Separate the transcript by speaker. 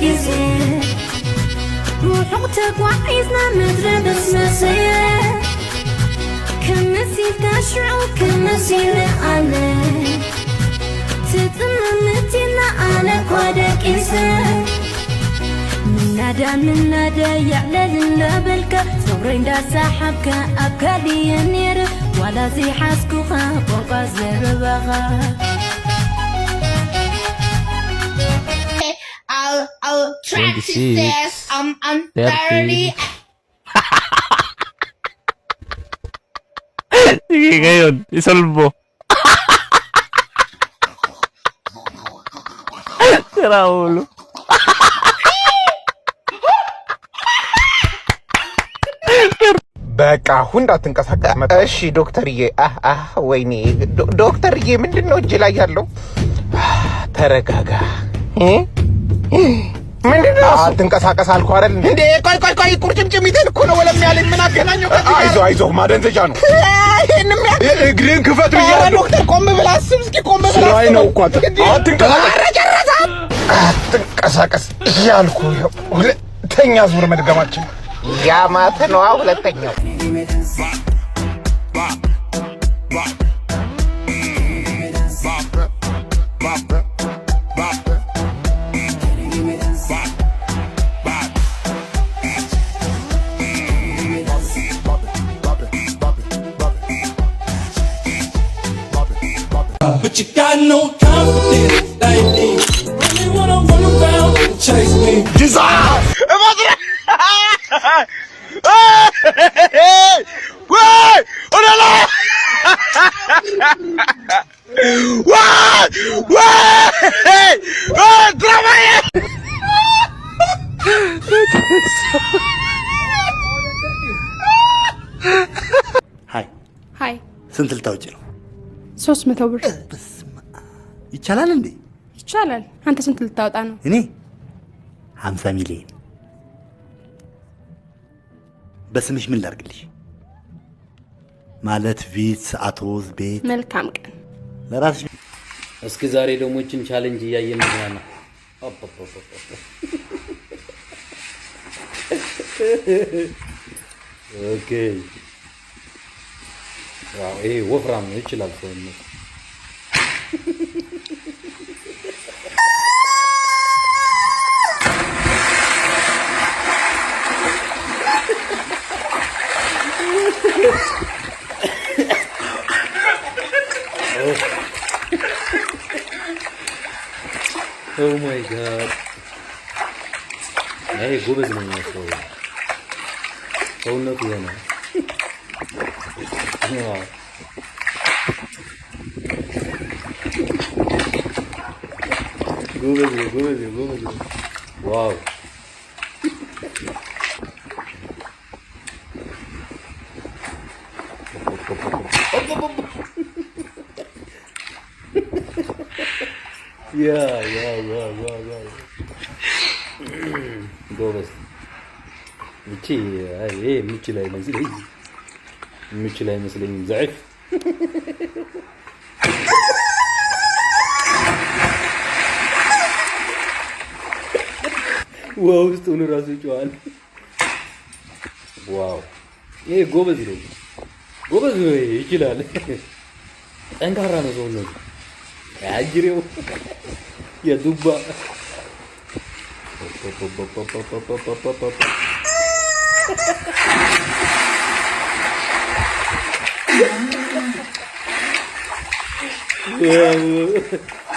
Speaker 1: مركزين وحقتك وعيزنا مدربس نسيان كان نسيت أشعر كان نسينا عليك تتمنتنا على كودك إنسان نادى من نادى يعلى لنبلك صورين دا سحبك أبكى دي النير ولا زي حسكوخا بوقا بغا
Speaker 2: uh, uh,
Speaker 3: track, says, I'm, I'm 30. 30. Sige, ngayon, isolve
Speaker 4: በቃ አሁን እንዳትንቀሳቀስ። እሺ ዶክተርዬ። አህ ወይኔ ዶክተርዬ፣ ምንድን ነው እጅ ላይ ያለው? ተረጋጋ። ምንድን ነው? አትንቀሳቀስ አልኩህ አይደል
Speaker 3: እንዴ? ቆይ ቆይ ቆይ፣ ቁርጭምጭሚትን እኮ ነው ወለም ያለኝ። ምን አገናኘው?
Speaker 4: አይዞህ አይዞህ፣ ማደንዘዣ ነው። እግርህን ክፈት ብያለሁ።
Speaker 3: ዶክተር፣ ቆም ብለህ አስብ እስኪ። ቆም ብለህ ስራዬ ነው እኮ። አትንቀሳቀስ
Speaker 4: እያልኩህ ሁለተኛ ዙር መድገማችን
Speaker 3: ያማተ ነዋ። ሁለተኛው
Speaker 4: but you got no confidence like me. Really wanna run around and chase me. Desire! Wait! On est là! Ouais! Ouais! Ouais! Travaillez! Hi. Hi. ስንት ልታወጪ ነው? ሶስት መቶ ብር ይቻላል እንዴ?
Speaker 5: ይቻላል። አንተ ስንት ልታወጣ ነው?
Speaker 4: እኔ ሀምሳ ሚሊዮን። በስምሽ ምን ላርግልሽ? ማለት ቪት አቶዝ ቤት።
Speaker 5: መልካም ቀን
Speaker 4: ለራስሽ።
Speaker 6: እስኪ ዛሬ ደሞችን ቻለንጅ እያየን ነው።
Speaker 4: ኦኬ ይሄ ወፍራም ይችላል ሰውነት Oh my god. Hey, go with me. Oh no, Piana. Come on. Go with go with go with Wow. ጎበዝ ብቻ የምችል አይመስለኝ የምችል አይመስለኝም። ዘዒፍ ውሃ ውስጥ ሆኖ ራሱ ይጨዋል። ዋው ይሄ ጎበዝ ነው፣ ጎበዝ ይችላል። ጠንካራ ነው ሰውነቱ። Я Агерил. Я дуба. Yeah.